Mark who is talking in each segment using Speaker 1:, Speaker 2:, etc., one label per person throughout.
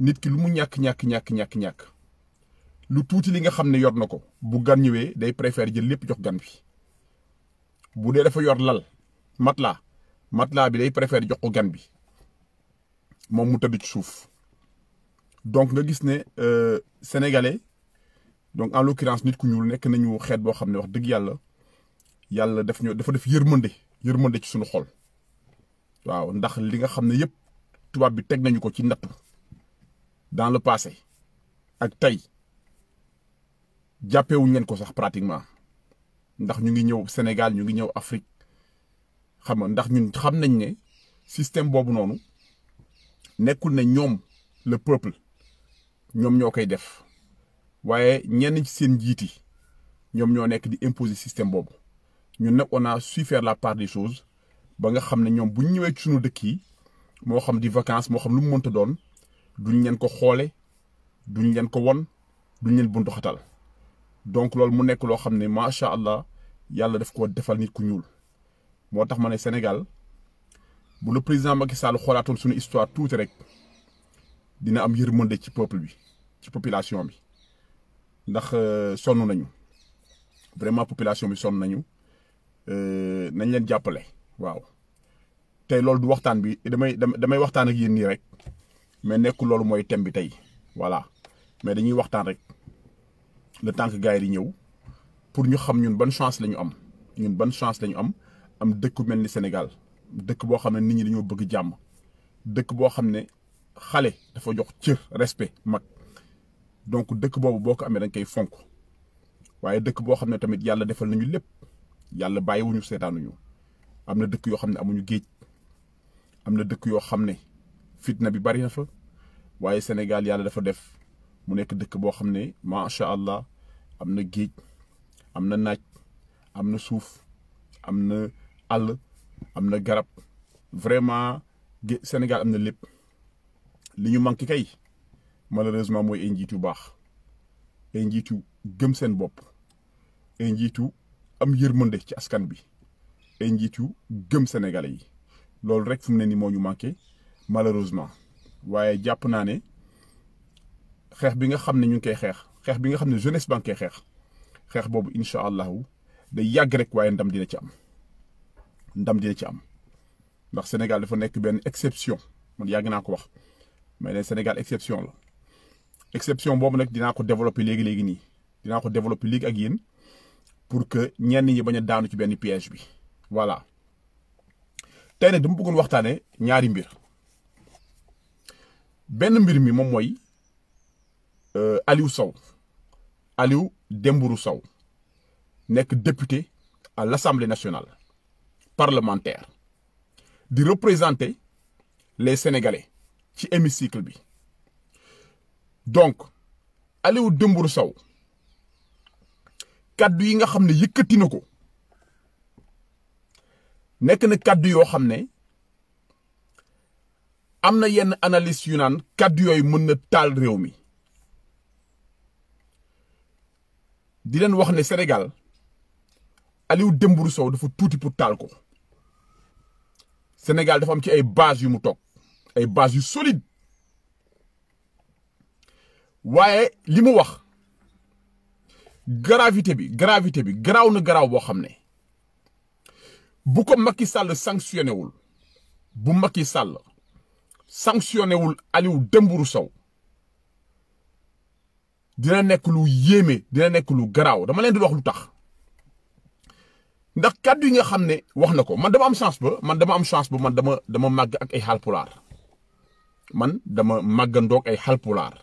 Speaker 1: nit ki lu mu ñàkk ñàkk ñàkk ñàkk ñàkk lu tuuti li nga xam ne yor na ko bu gan ñëwee day préfère jël lépp jox gan bi bu dee dafa yor lal matelas matelas bi day préfère jox ko gan bi moom mu tëdd ci suuf donc nga gis ne euh, sénégalais donc en l'occurrence nit ku ñuul nekk nañu xeet boo xam ne wax dëgg yàlla yàlla daf ñoo dafa def yërmande yërmande ci suñu xol waaw ndax li nga xam ne yëpp tubaab bi teg nañu ko ci nattu dans le passe ak tey jàppewuñ leen ko sax pratiquement ndax ñu ngi ñëw Sénégal ñu ngi ñëw Afrique xam nga ndax ñun xam nañ ne système boobu noonu nekkul ne ñoom le peuple ñoom ñoo koy def waaye ñenn ci seen njiit yi ñoom ñoo nekk di imposer système boobu ñun nag on a su la part des choses ba nga xam ne ñoom bu ñëwee ci suñu dëkk yi moo xam di vacances moo xam lu mu mënta doon. duñ leen ko xoole duñ leen ko won duñ leen buntu xatal donc loolu mu nekk loo xam ne macha allah yàlla daf ko defal nit ku ñuul moo tax ma ne Sénégal bu le président Macky Sall xoolaatoon suñu histoire tuuti rek dina am yére de ci peuple bi ci population bi ndax euh, sonn nañu vraiment population bi sonn nañu euh, nañ leen jàppale waaw tey loolu du waxtaan bi damay damay waxtaan ak yéen nii rek. mais nekkul loolu mooy thème bi tey voilà mais dañuy waxtaan rek le temps que gars yi di ñëw pour ñu xam ñun ban chance la ñu am ñun ban chance lañu am am dëkk mel ni Sénégal dëkk boo xam ne nit ñi dañoo bëgg jàmm dëkk boo xam ne xale dafa jox cër respe mag donc dëkk boobu boo ko amee dañ koy fonk waaye dëkk boo xam ne tamit yàlla defal nañu lépp yàlla bàyyiwuñu seetaanuñu am na dëkk yoo xam ne amuñu géej am na dëkk yoo xam ne fitna bi bari na fa waaye Sénégal yàlla dafa def mu nekk dëkk boo xam ne macha allah am na géej am na naaj am na suuf am na àll am na garab vraiment Sénégal am na lépp li ñu manqué kay malheureusement mooy ay njiitu baax ay njiitu gëm seen bopp ay njiitu am yërmande ci askan bi ay njiitu gëm Sénégalais yi loolu rek fu mu ne ni moo ñu manqué. malheureusement waaye jàpp naa ne xeex bi nga xam ne ñu ngi koy xeex xeex bi nga xam ne jeunesse ba nga koy xeex xeex boobu incha allahu day yàgg rek waaye ndam dina ci am ndam dina ci am ndax Sénégal dafa nekk benn exception man yàgg naa ko wax mais ne Sénégal exception la exception boobu nag dinaa ko développer léegi léegi nii dinaa ko développer léegi ak yéen pour que ñenn ñi bañ a daanu ci benn piège bi voilà tey ne dama bëggoon waxtaanee ñaari mbir. benn mbir mi moom mooy euh, Aliou saw Aliou Dembourou saw nekk député à l'Assemblée nationale parlementaire di représenté les Sénégalais ci hémicycle bi donc Aliou Dembourou saw kàddu yi nga xam ne yëkkati na ko nekk na kàddu yoo xam ne am na yenn analyste yu naan kàddu yooyu mën na taal réew mi di leen wax ne Sénégal Aliou Dembourou Sow dafa tuuti pour taal ko Sénégal dafa am ci ay base yu mu toog ay base yu solide waaye li mu wax gravité bi gravité bi garaaw na garaaw boo xam ne bu ko Macky Sall sanctionné wul bu Macky Sall sanctionné wul Aliou Dembourou Sow dina nekk lu yéeme dina nekk lu garaaw dama leen di wax lu tax ndax kàddu yi nga xam ne wax na ko man dama am chance ba man dama am chance ba man dama dama màgg ak ay xalpulaar man dama màggandoog ay xalpulaar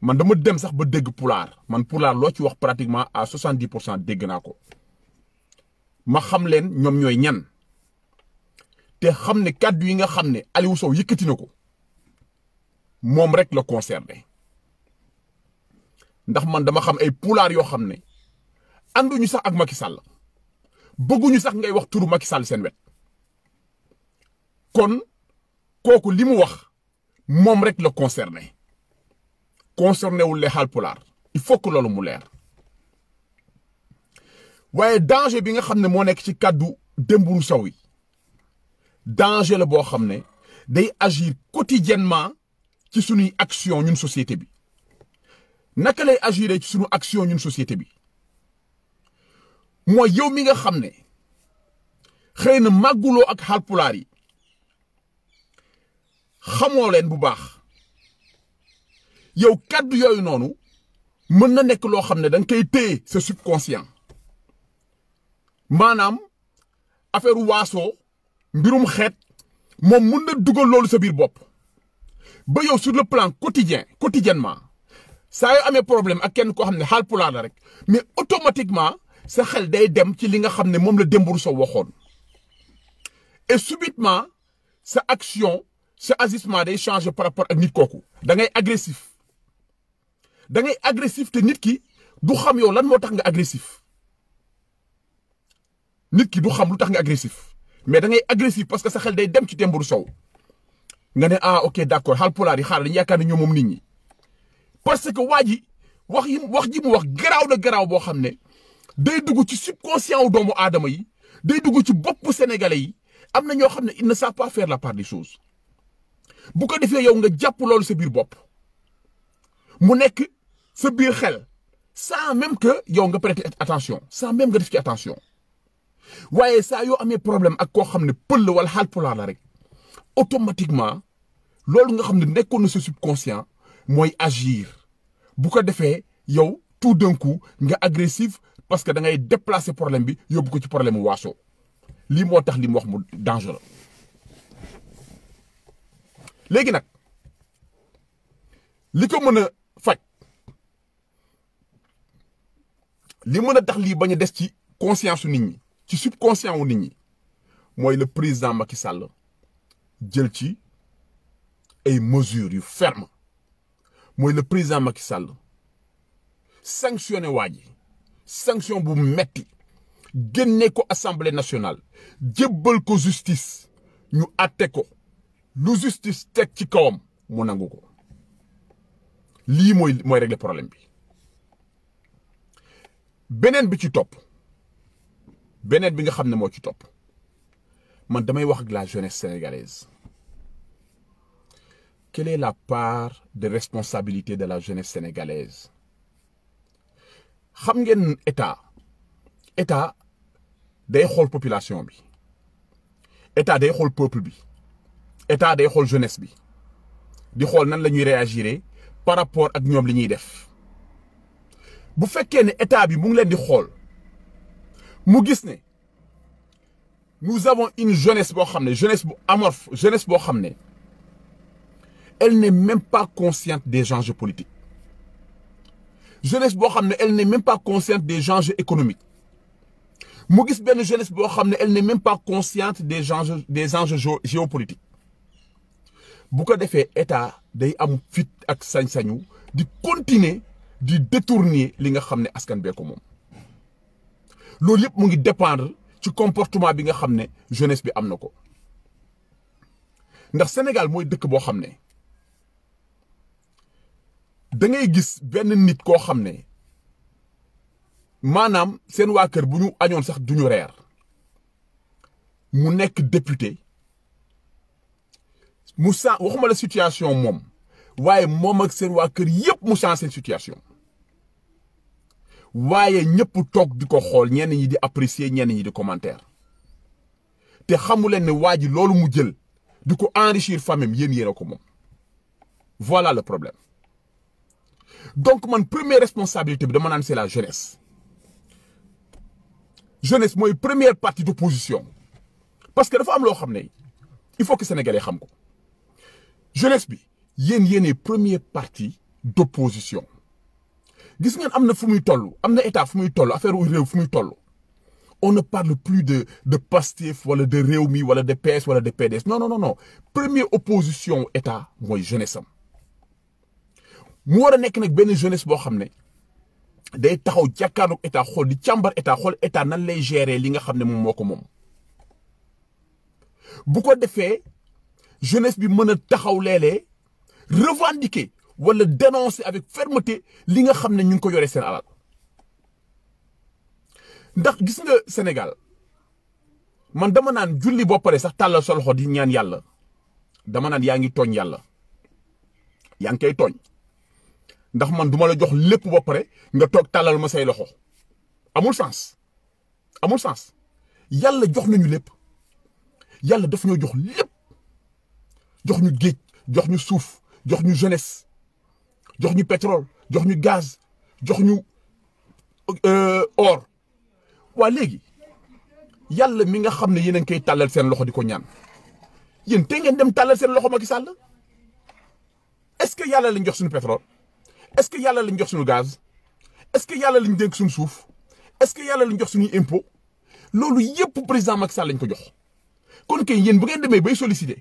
Speaker 1: man dama dem sax ba dégg pulaar man pulaar loo ci wax pratiquement à soixante pour cent dégg naa ko ma xam leen ñoom ñooy ñan te xam ne kàddu yi nga xam ne Aliou Sow yëkkati na ko moom rek la concerné ndax man dama xam ay pulaar yoo xam ne ànduñu sax ak Macky Sall bëgguñu sax ngay wax turu Macky Sall seen wet kon kooku li mu wax moom rek la concerné concerné wul les Haalpulaar il faut que loolu mu leer waaye danger bi nga xam ne moo nekk ci kàddu Dembourou Sow yi danger la boo xam ne day agir quotidiennement ci suñuy action ñun société bi naka lay agiré ci suñu action ñun société bi mooy yow mi nga xam ne xëy na màgguloo ak xalpulaar yi xamoo leen bu baax yow kàddu yooyu noonu mën na nekk loo xam ne da nga koy téye sa subconscient maanaam affaire waasoo mbirum xeet moom mën na dugal loolu sa biir bopp ba yow sur le plan quotidien quotidiennement saa yoo amee problème ak kenn koo xam ne Haalpulaar la rek mais automatiquement sa xel day dem ci li nga xam ne moom la Dembourou sa waxoon et subitement sa action sa agissement day changer par rapport ak nit kooku da ngay agressif da ngay agressif te nit ki du xam yow lan moo tax nga agressif nit ki du xam lu tax nga agressif mais da ngay agressif parce que sa xel day dem ci Dembourou Sow nga ne ah ok d' accord Haalpulaar yi xaar dañu yaakaar ne ñoom moom nit ñi parce que waa ji wax yi wax ji mu wax garaaw na garaaw boo xam ne day dugg ci subconscient wu doomu aadama yi day dugg ci boppu sénégalais yi am na ñoo xam ne il ne savent pas la part des choses bu ko defee yow nga jàpp loolu sa biir bopp mu nekk sa biir xel sans même que yow nga prêter attention sans même nga def ci attention. waaye saa yoo amee problème ak koo xam ne pël la wala xaalpulaar la rek automatiquement loolu nga xam ne nekkoon na sa subconscient mooy agir bu ko defee yow tout d'un coup nga agressif parce que da ngay déplacer problème bi yóbbu ko ci problème mu waaso lii moo tax li mu wax mu dangereux léegi nag li ko mën a faj li mën a tax lii bañ a des ci conscience su nit ñi ci subconscient wu ni ñi mooy le président Macky Sall jël ci ay mesures yu ferme mooy le président Macky Sall sanctionné waa ji sanction bu metti génne ko assemblée nationale jébbal ko justice ñu àtte ko lu justice teg ci kawam mu nangu ko lii mooy mooy régler problème bi beneen bi ci topp beneen bi nga xam ne moo ci topp man damay wax ak la jeunesse sénégalaise quelle la part de responsabilité de la jeunesse sénégalaise xam ngeen état état day xool population bi état day xol peuple bi état day xol jeunesse bi di xol nan la ñuy réagir par rapport ak ñoom li ñuy def bu fekkee ne état bi mu ngi leen di xool. mu gis ne nous avons une jeunesse boo xam ne jeunesse bu jeunesse boo xam ne el ne même pas consciente des enjeux politiques jeunesse boo xam ne elle n'est même pas consciente des enjeux économiques mu gis benn jeunesse boo xam ne elle n'est même pas consciente des enjeux des enjeux géopolitiques bu ko defee état day am fit ak sañ-sañu di continuer di détourner li nga xam ne askan bee ko moom. loolu yëpp mu ngi dépendre ci comportement bi nga xam ne jeunesse bi am na ko ndax Sénégal mooy dëkk boo xam ne da ngay gis benn nit koo xam ne maanaam seen waa kër bu ñu añoon sax duñu reer mu nekk député mu sa waxuma la situation moom waaye moom ak seen waa kër yëpp mu changé seen situation waaye ñëpp toog di ko xool ñenn ñi di apprécier ñenn ñi di commentaire te xamu leen ne waa ji loolu mu jël di ko enrichir famille yéen yéen a ko moom voilà le problème donc man premier responsabilité bi dama naan c'est la jeunesse jeunesse mooy première partie d'opposition parce que dafa am loo xam ne il faut que sénégalais xam ko jeunesse bi yéen yéenee première partie d'opposition gis ngeen am na fu muy toll am na état fu muy toll affaire wu réew fu muy toll on ne parle plus de de Pastef wala de Rewmi wala de PS wala de PDS non non non premier première opposition état mooy jeunesse am mu war a nekk nag benn jeunesse boo xam ne day taxaw jàkkaarloog état xool di càmbar état xool état nan lay gérer li nga xam ne moom moo ko moom bu ko defee jeunesse bi mën a taxaw léeg-léeg wala dénoncer avec fermeté li nga xam ne ñu ngi ko yoree seen alal ndax gis nga Sénégal man dama naan julli boo pare sax tàllal sa loxo di ñaan yàlla dama naan yaa ngi tooñ yàlla yaa ngi koy tooñ ndax man duma la jox lépp ba pare nga toog tàllal ma say loxo amul sens amul sens yàlla jox nañu lépp yàlla daf ñoo jox lépp jox ñu géej jox ñu suuf jox ñu jeunesse jox ñu pétrole jox ñu gaz jox ñu euh, or waa léegi yàlla mi nga xam ne yéen a koy tàllal seen loxo di ko ñaan yéen te ngeen dem tàllal seen loxo Macky Sall est-ce que yàlla lañ jox suñu pétrole est-ce que yàlla lañ jox suñu gaz est que yàlla lañ dénk suñu suuf est-ce que yàlla ñu jox suñuy impôt loolu yëpp président Macky Sall lañ ko jox kon kay yéen bu ngeen demee bay solliciter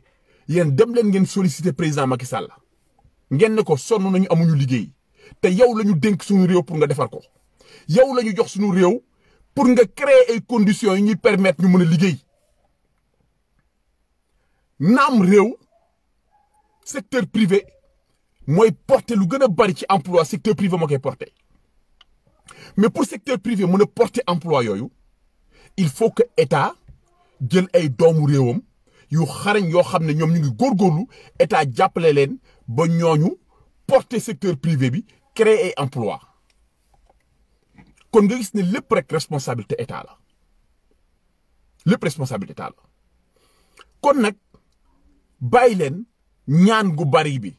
Speaker 1: yéen dem leen ngeen solliciter président Macky Sall ngeen ne ko sonn nañu amuñu liggéey te yow la ñu dénk suñu réew pour nga defar ko yow la ñu jox suñu réew pour nga créer ay conditions yi ñuy permettre ñu mën a liggéey naam réew secteur privé mooy porter lu gën a bari ci emploi secteur privé moo koy porter mais pour secteur privé mën a porter emploi yooyu il faut que état jël ay doomu réewam yu xarañ yoo xam ne ñoom ñu ngi góorgóorlu état jàppale leen ba ñooñu porté secteur privé bi créer emploi kon nga gis ne lépp rek responsabilité état la lépp responsabilité état kon nag bàyyi leen ñaan gu bari bi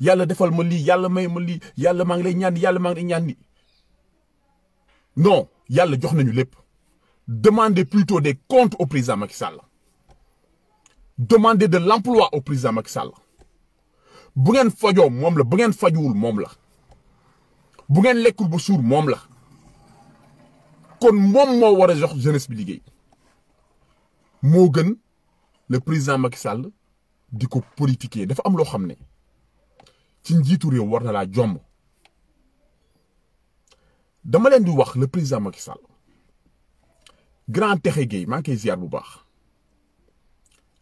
Speaker 1: yàlla defal ma lii yàlla may ma lii yàlla maa ngi lay ñaan yàlla maa ngi lay ñaan ni non yàlla jox nañu lépp demandez plutôt des comptes au président Macky Sall demandez de l'emploi au président Macky Sall bu ngeen fajoo moom la bu ngeen fajuwul moom la bu ngeen lekkul ba suur moom la kon moom moo war a jox jeunesse bi liggéey moo gën le président Macky Sall di ko politiquer dafa am loo xam ne ci njiitu réew war na laa jomb dama leen di wax le président Macky Sall grand texe gay maa ngi koy bu baax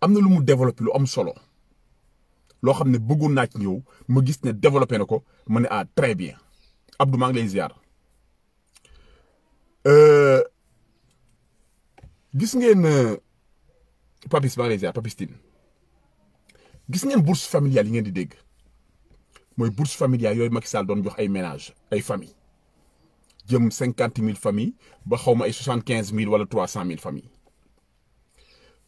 Speaker 1: am na lu mu développé lu am solo. loo xam ne bëggoon naa ci ñëw ma gis ne développé na ko ma ne ah très bien Abdou maa ngi lay ziar euh, gis ngeen euh, Papis maa ngi lay ziar Papis gis ngeen bourse familiale yi ngeen di dégg mooy bourse familiale yooyu Macky Sall doon jox ay ménage ay famille jëm cinquante mille famille ba xaw ma ay soixante quinze mille wala trois cent mille famille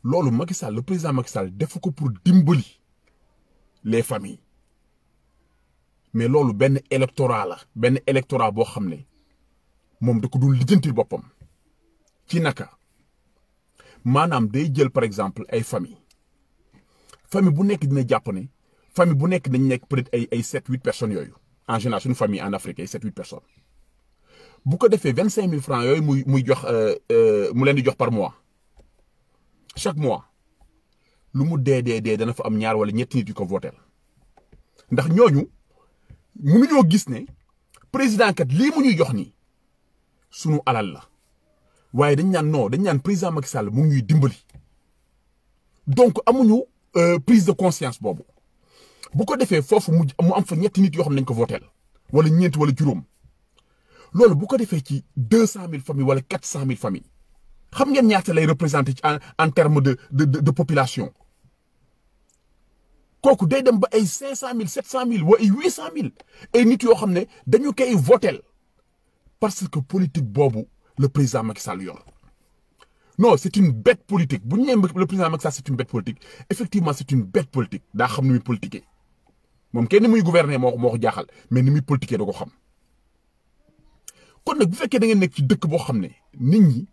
Speaker 1: loolu Macky Sall le président Macky Sall def ko pour dimbali. les familles mais loolu benn électorat la benn électorat boo xam ne moom da ko dul lijjantil boppam ci naka maanaam day jël par exemple ay famille famille bu nekk dina jàpp ne famille bu nekk dañ nekk peut-être ay ay sept huit personnes yooyu en général suñu famille en Afrique ay sept huit personnes bu ko defee vingt cinq mille francs yooyu muy muy jox euh, euh, mu leen di jox par mois chaque mois lu mu dee dee dee dana fa am ñaar wala ñetti nit yu ko voté ndax ñooñu mënuñoo gis ne président lii mu ñuy jox nii sunu alal la waaye dañ ñaan non dañ ñaan président Macky Sall mu ngi ñuy dimbali donc amuñu euh, prise de conscience boobu bu ko defee foofu mu mu am fa ñetti nit yoo xam nañ ko voté wala ñeenti wala juróom loolu bu ko defee ci deux cent mille familles wala quatre cent mille familles xam ngeen ñaata lay représenté ci en en terme de de de population. kooku day dem ba ay cinq cent mille sept cent mille wa ay huit cent mille ay nit yoo xam ne dañu koy votel parce que politique boobu le président Macky Sall yor non c'est une bête politique bu ñu nee le président Macky Sall c'est une bête politique effectivement daa xam ni muy politiquer moom kenn muy gouverner moo ko moo ko jaaxal mais ni muy politiquer da ko xam kon nag bu fekkee da ngeen nekk ci dëkk boo xam ne nit ñi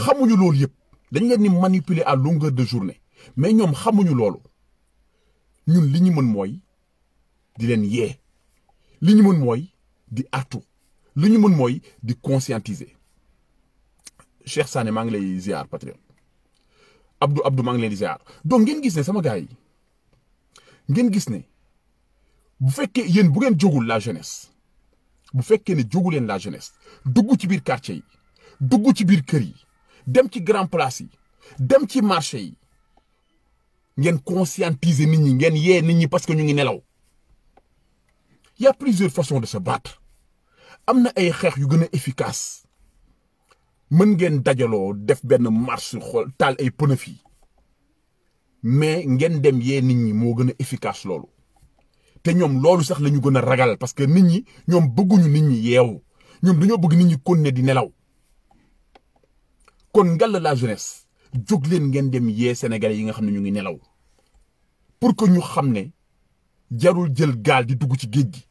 Speaker 1: xamuñu loolu yëpp dañ leen ni manipuler à longueur de journée mais ñoom xamuñu loolu. ñun li ñu mën mooy di leen yée li ñu mën mooy di artu li ñu mën mooy di conscientiser Cheikh Sané maa ngi lay ziar patriote Abdou Abdou maa ngi leen di donc ngeen gis ne sama gars ngeen gis ne bu fekkee yéen bu ngeen jógul la jeunesse bu fekkee ne jógu leen la jeunesse dugg ci biir quartier yi dugg ci biir kër yi dem ci grand place yi dem ci marché yi ngeen conscientiser nit ñi ngeen yee nit ñi parce que ñu ngi nelaw y a façon façons de se am na ay xeex yu gën a efficace mën ngeen dajaloo def benn marche xool taal ay pneu fii mais ngeen dem yee nit ñi moo gën a efficace loolu te ñoom loolu sax lañu gën a ragal parce que nit ñi ñoom bëgguñu nit ñi yeewu ñoom dañoo bëgg nit ñi kon ne di nelaw kon ngalla la jeunesse jóg leen ngeen dem yee sénégalais yi nga xam ne ñu ngi nelaw pour que ñu xam ne jarul jël gaal di dugg ci géej gi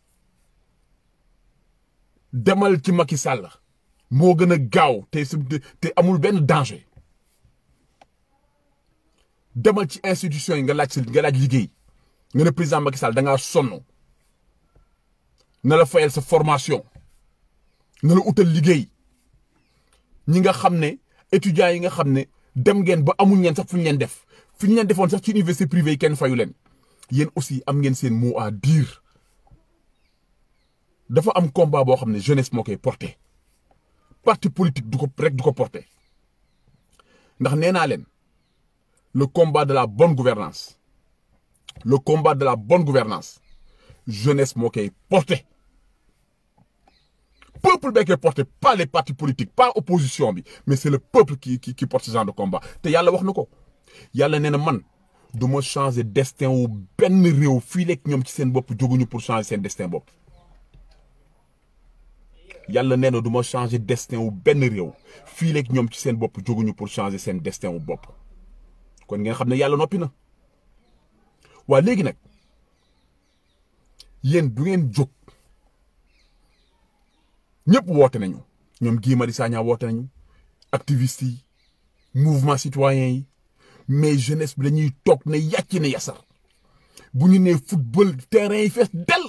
Speaker 1: demal ci Macky Sall moo gën a gaaw te te amul benn danger demal ci institution yi nga laaj si nga laaj liggéey nga ne président Macky Sall da ngaa sonn na la fayal sa formation na la utal liggéey ñi nga xam ne étudiants yi nga xam ne. dem ngeen ba amuñ leen sax fu ñu leen def fi ñu leen defoon sax ci université privée yi kenn fayu leen yéen aussi am ngeen seen mot à dire dafa am combat boo xam ne jeunesse moo koy porté parti politique du ko rek du ko porté ndax nee naa leen le combat de la bonne gouvernance le combat de la bonne gouvernance jeunesse moo koy porté peuple bee koy porté pas les partis politiques pas opposition bi mais c'est le peuple qui qui qui porte ce genre de te yàlla wax na ko yàlla nee na man du ma changer destin wu benn réew fii lekk ñoom ci seen bopp jóguñu pour changer seen destin bopp. nee na du ma destin wu benn réew fii lekk ñoom ci seen bopp jóguñu pour changer seen destin wu bopp kon ngeen xam ne yàlla noppi na waa léegi nag yéen du ngeen jóg. ñëpp woote nañu ñoom Guy Marius Sagna woote nañu activistes yi mouvement citoyen yi mais jeunesse bi dañuy toog ne yàcc ne yasar bu ñu nee football terrain yi fees dell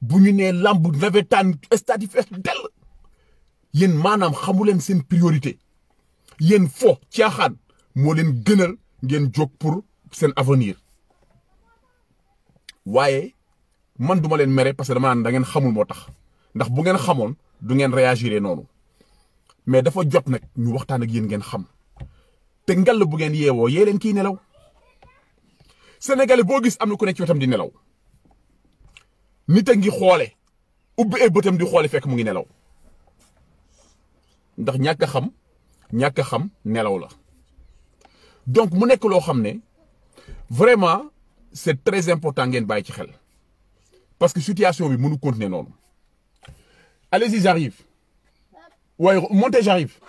Speaker 1: bu ñu nee lamb navetaan stade yi fees dell yéen maanaam xamu leen seen priorité yéen fo caaxaan moo leen gënal ngeen jog pour seen avenir waaye man duma leen mere parce que dama naan da ngeen xamul moo tax. ndax bu ngeen xamoon du ngeen réagir noonu mais dafa jot nag ñu waxtaan ak yéen ngeen xam te ngalla bu ngeen yeewoo yee leen kii nelaw sénégalais boo gis am na ko nekk ci wetam di nelaw nit a ngi xoole ubbi ay bëtam di xoole fekk mu ngi nelaw ndax ñàkk a xam ñàkk a xam nelaw la donc mu nekk loo xam ne vraiment c'est très important ngeen bàyyi ci xel parce que situation bi mënu continuer noonu. Allez-y, j'arrive. Ouais, montez, j'arrive.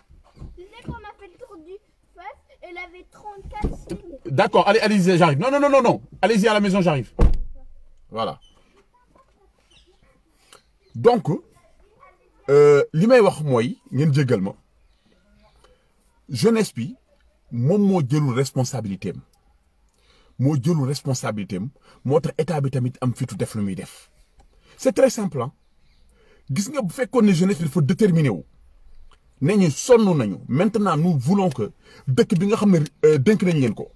Speaker 1: Elle avait 34 D'accord, allez, allez j'arrive. Non, non, non, non, Allez-y à la maison, j'arrive. Voilà. donc euh, li may wax mooy ngeen jéggal ma jeunesse bi moom moo jëlul responsabilité am moo jëlul responsabilité am moo tax état bi tamit am fitu def lu muy def c'est très simple gis nga bu fekkoon ne jeunesse bi dafa déterminé wu ne ñu sonn nañu maintenant nous voulons dëkk bi nga xam ne euh, dénk nañ leen ko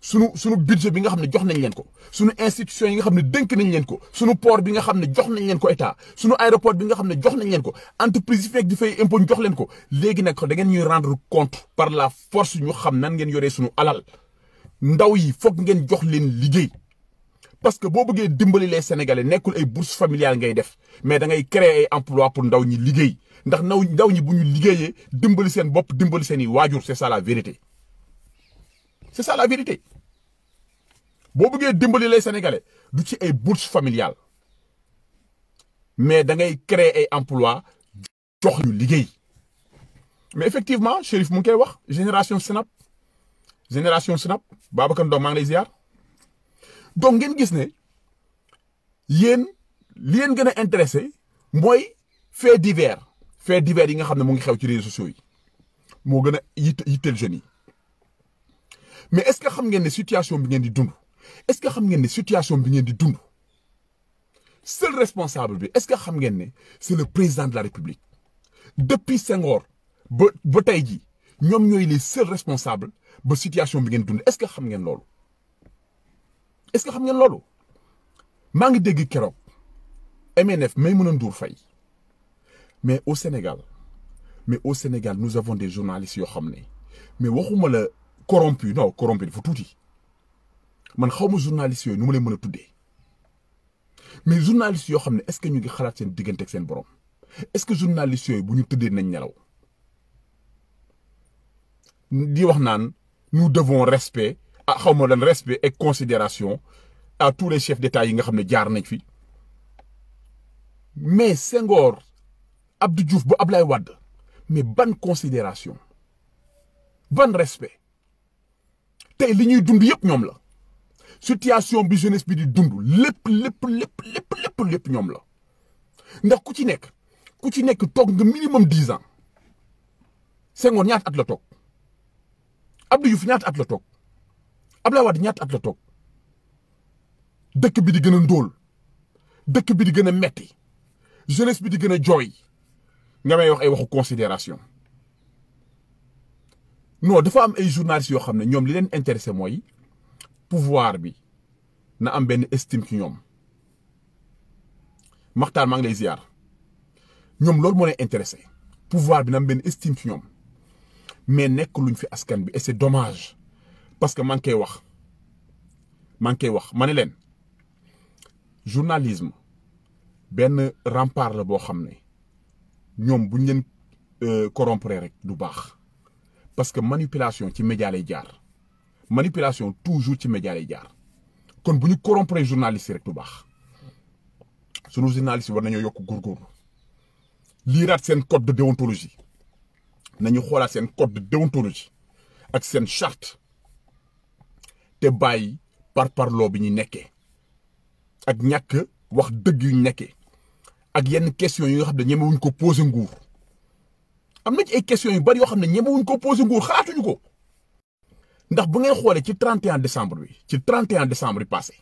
Speaker 1: sunu sunu budget bi nga xam ne jox nañ leen ko sunu institution yi nga xam ne dénk nañ leen ko sunu port bi nga xam ne jox nañ leen ko état sunu aéroport bi nga xam ne jox nañ leen ko entreprise yi fekk di fay impôt jox leen ko léegi nag da ngeen ñuy rendre compte par la force ñu xam nan ngeen yoree sunu alal ndaw yi foog ngeen jox leen liggéey. parce que boo bëggee dimbali les sénégalais nekkul ay bourse familiale ngay def mais da ngay créer ay emploi pour ndaw ñi liggéey ndax ndaw ndaw ñi bu ñu liggéeyee dimbali seen bopp dimbali seen i waajur c'est ça la vérité c'est la vérité boo bëggee dimbali les sénégalais du ci ay bourse familiale mais da ngay créer ay emploi jox ñu liggéey mais effectivement Chérif mu ngi koy wax génération Snap génération Snap Babacar Ndong maa ngi lay ziar. donc ngeen gis ne yéen li leen gën a intéressé mooy fait divers fait divers yi nga xam ne mu ngi xew ci réseaux sociaux yi moo gën a yitteel jeunes yi mais est-ce que xam ngeen ne situation bi ngeen di dund est-ce que xam ngeen ne situation bi ngeen di dund seul responsable bi est-ce que xam ngeen ne si le président de la République depuis Senghor ba ba tey jii ñoom ñooy les seuls responsables ba situation bi ngeen dund est que xam ngeen loolu. est-ce que xam ngeen loolu maa ngi dégg keroog MNF may mën a nduur fay mais au Sénégal mais au Sénégal nous avons des journalistes yoo xam ne mais waxuma la corrompu non corrompu dafa tuuti man xaw ma journalistes yooyu nu ma leen mën a tuddee mais journalistes yoo xam ne est-ce que ñu ngi xalaat seen diggante ak seen borom est-ce que journalistes yooyu bu ñu tëddee nañ nelaw di wax naan nous devons respe ah xaw ma lan respect et considération à tous les chefs d'État yi nga xam ne jaar nañ fi mais Senghor Abdou Diouf ba Ablaye Wade mais ban considération ban respect tey li ñuy dund yëpp ñoom la situation bi bi di dund lépp lépp lépp lépp lépp lépp ñoom la ndax ku ci nekk ku ci nekk toog nga minimum dix ans Senghor ñaata at la toog Abdou Diouf ñaata at la toog. Abdoulaye Wade ñaata at la toog dëkk bi di gën a ndóol dëkk bi di gën a metti jeunesse bi di gën a jooy nga may wax ay waxu considération non dafa am ay journalistes yoo xam ne ñoom li leen intéressé mooy pouvoir bi na am benn estime ci ñoom maxtaan maa ngi lay ziar ñoom loolu moo leen intéressé pouvoir bi na am benn estime ci ñoom mais nekk luñ fi askan bi et c'est dommage parce que maa ngi koy wax maa ngi koy wax ma ne leen journalisme benn rempart la boo xam ne ñoom buñ leen euh, corrompre rek du baax parce que manipulation ci média lay jaar manipulation toujours ci média lay jaar kon bu ñu corrompre journaliste rek du baax sunu journaliste war nañoo yokk góorgóorlu liiraat seen code de déontologie nañu xoolaat seen code de déontologie ak seen charte te bàyyi par parloo bi ñu nekkee ak ñàkk wax dëgg yu ñu nekkee ak yenn question yi nga xam ne ñemewuñ ko posé nguur am na ci ay question yu bari yoo xam ne ñemewuñ ko posé nguur xaatuñu ko ndax bu ngay xoolee ci 31 décembre bi ci 31 décembre bi passé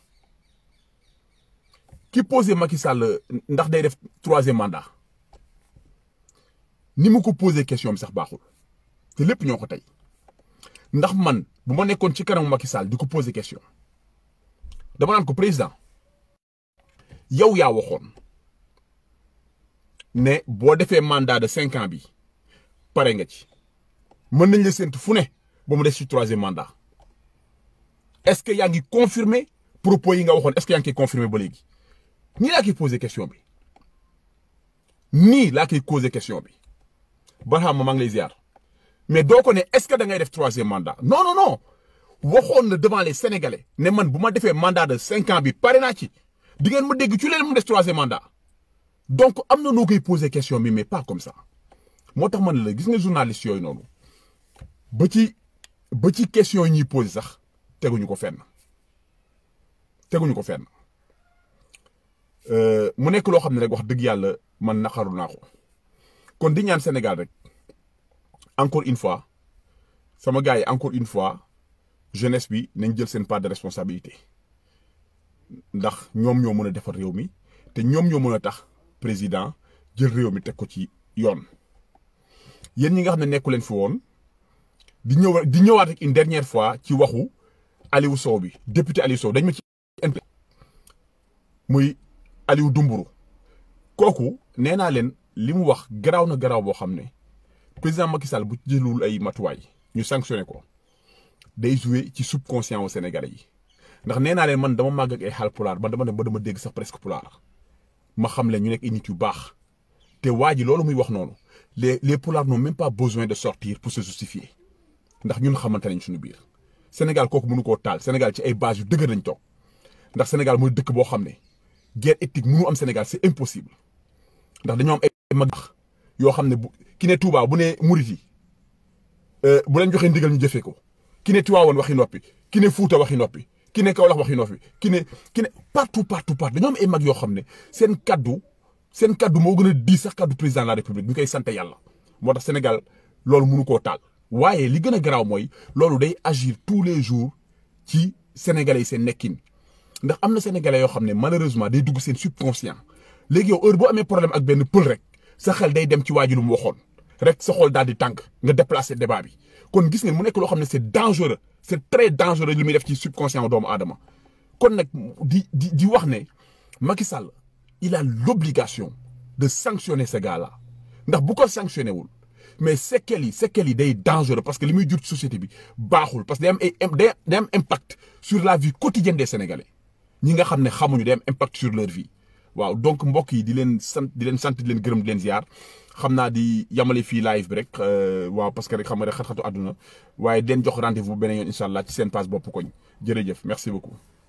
Speaker 1: ki posé Macky Sall ndax day def troisième mandat ni mu ko posé question bi sax baaxul te lépp ñoo ko tey ndax man bu ma nekkoon ci kanamu Macky Sall di ko poser question dama naan ko président yow yaa waxoon ne boo defee mandat de cinq bi pare nga ci mën nañ la séntu fu ne ba mu des ci troisième mandat est-ce que yaa ngi confirmer propos yi nga waxoon est-ce que yaa ba léegi nii laa koy poser question bi nii laa koy poser question bi Barham ma ngi lay ziar. mais doo ko ne est-ce que da ngay def troisième mandat non non non waxoon na devant les sénégalais ne man bu ma defee mandat de cinq ans bi pare naa ci di ngeen ma dégg ci leen mu def troisième mandat donc am na noo koy poser question bi mais pas comme ça moo tax man la gis nga journaliste yooyu noonu ba ci ba ci question yi ñuy posé sax teguñu ko fenn teguñu ko fenn euh, mu nekk loo xam ne rek wax dëgg yàlla man naqaru naa ko kon di ñaan Sénégal rek. encore une fois sama gars yi encore une fois jeunesse bi nañ jël seen part de responsabilité ndax ñoom ñoo mën a defar réew mi te ñoom ñoo mën a tax président jël réew mi teg ko ci yoon. yéen ñi nga xam ne nekku leen fi woon di ñëw di ñëwaat rek une dernière fois ci waxu Aliou Sow bi député Aliou Sow dañ ma ci muy Aliou Dumburu kooku nee naa leen li mu wax garaaw na garaaw boo xam ne. président Macky Sall bu jëlul ay matuwaay ñu sanctionné ko day joué ci subconscient wu Sénégalais yi ndax nee naa leen man dama màgg ay xaal pulaar ba dama dem ba dama dégg sax presque pulaar ma xam leen ñu nekk ay nit yu baax te waa ji loolu muy wax noonu les les pulaar n'ont même pas besoin de sortir pour se justifier ndax ñun xamante nañ suñu biir Sénégal kooku mënu koo taal Sénégal ci ay base yu dëgër nañ toog ndax Sénégal mooy dëkk boo xam ne guerre ethnique mënu am Sénégal c'est impossible ndax dañoo am ay yoo xam ne bu ki ne Touba bu ne murit yi euh, bu leen joxee ndigal ñu jëfee ko ki ne Tiwaawoon waxi noppi ki ne Fuuta waxi noppi ki ne Kaolack waxi noppi ki ne ki ne partout partout partout dañoo am ay mag yoo xam ne seen kaddu seen kaddu moo gën a di sax kaddu président de la république bu koy sant yàlla moo tax Sénégal loolu mënu koo taal. waaye li gën a garaaw mooy loolu day agir tous les jours ci sénégalais yi seen nekkin ndax am na sénégalais yoo xam ne malheureusement day dugg seen subconscient léegi yow heure boo amee problème ak benn pël rek. sa xel day dem ci waa ji lu mu waxoon rek sa xol daal di tànk nga déplacer débat bi kon gis ngeen mu nekk loo xam ne c'est dangereux c'est très dangereux li muy def ci subconscient doomu adama kon nag di di di wax ne Macky Sall il a l'obligation de sanctionner ces gars-là ndax bu ko sanctionné wul mais séquelles yi séquelles yi day dangereux parce que li muy jur ci société bi baaxul parce que day am ay day am impact sur la vie quotidienne des Sénégalais ñi nga xam ne xamuñu day am impact sur leur vie waaw donc mbokk yi di leen sant di leen sant di leen gërëm di leen ziar xam naa di yamale fii live bi rek euh, waaw parce que rek xam nga rek xat-xatu àdduna waaye den jox rendez-vous beneen yoon incha allah ci seen page bopp koñ jërëjëf merci beaucoup.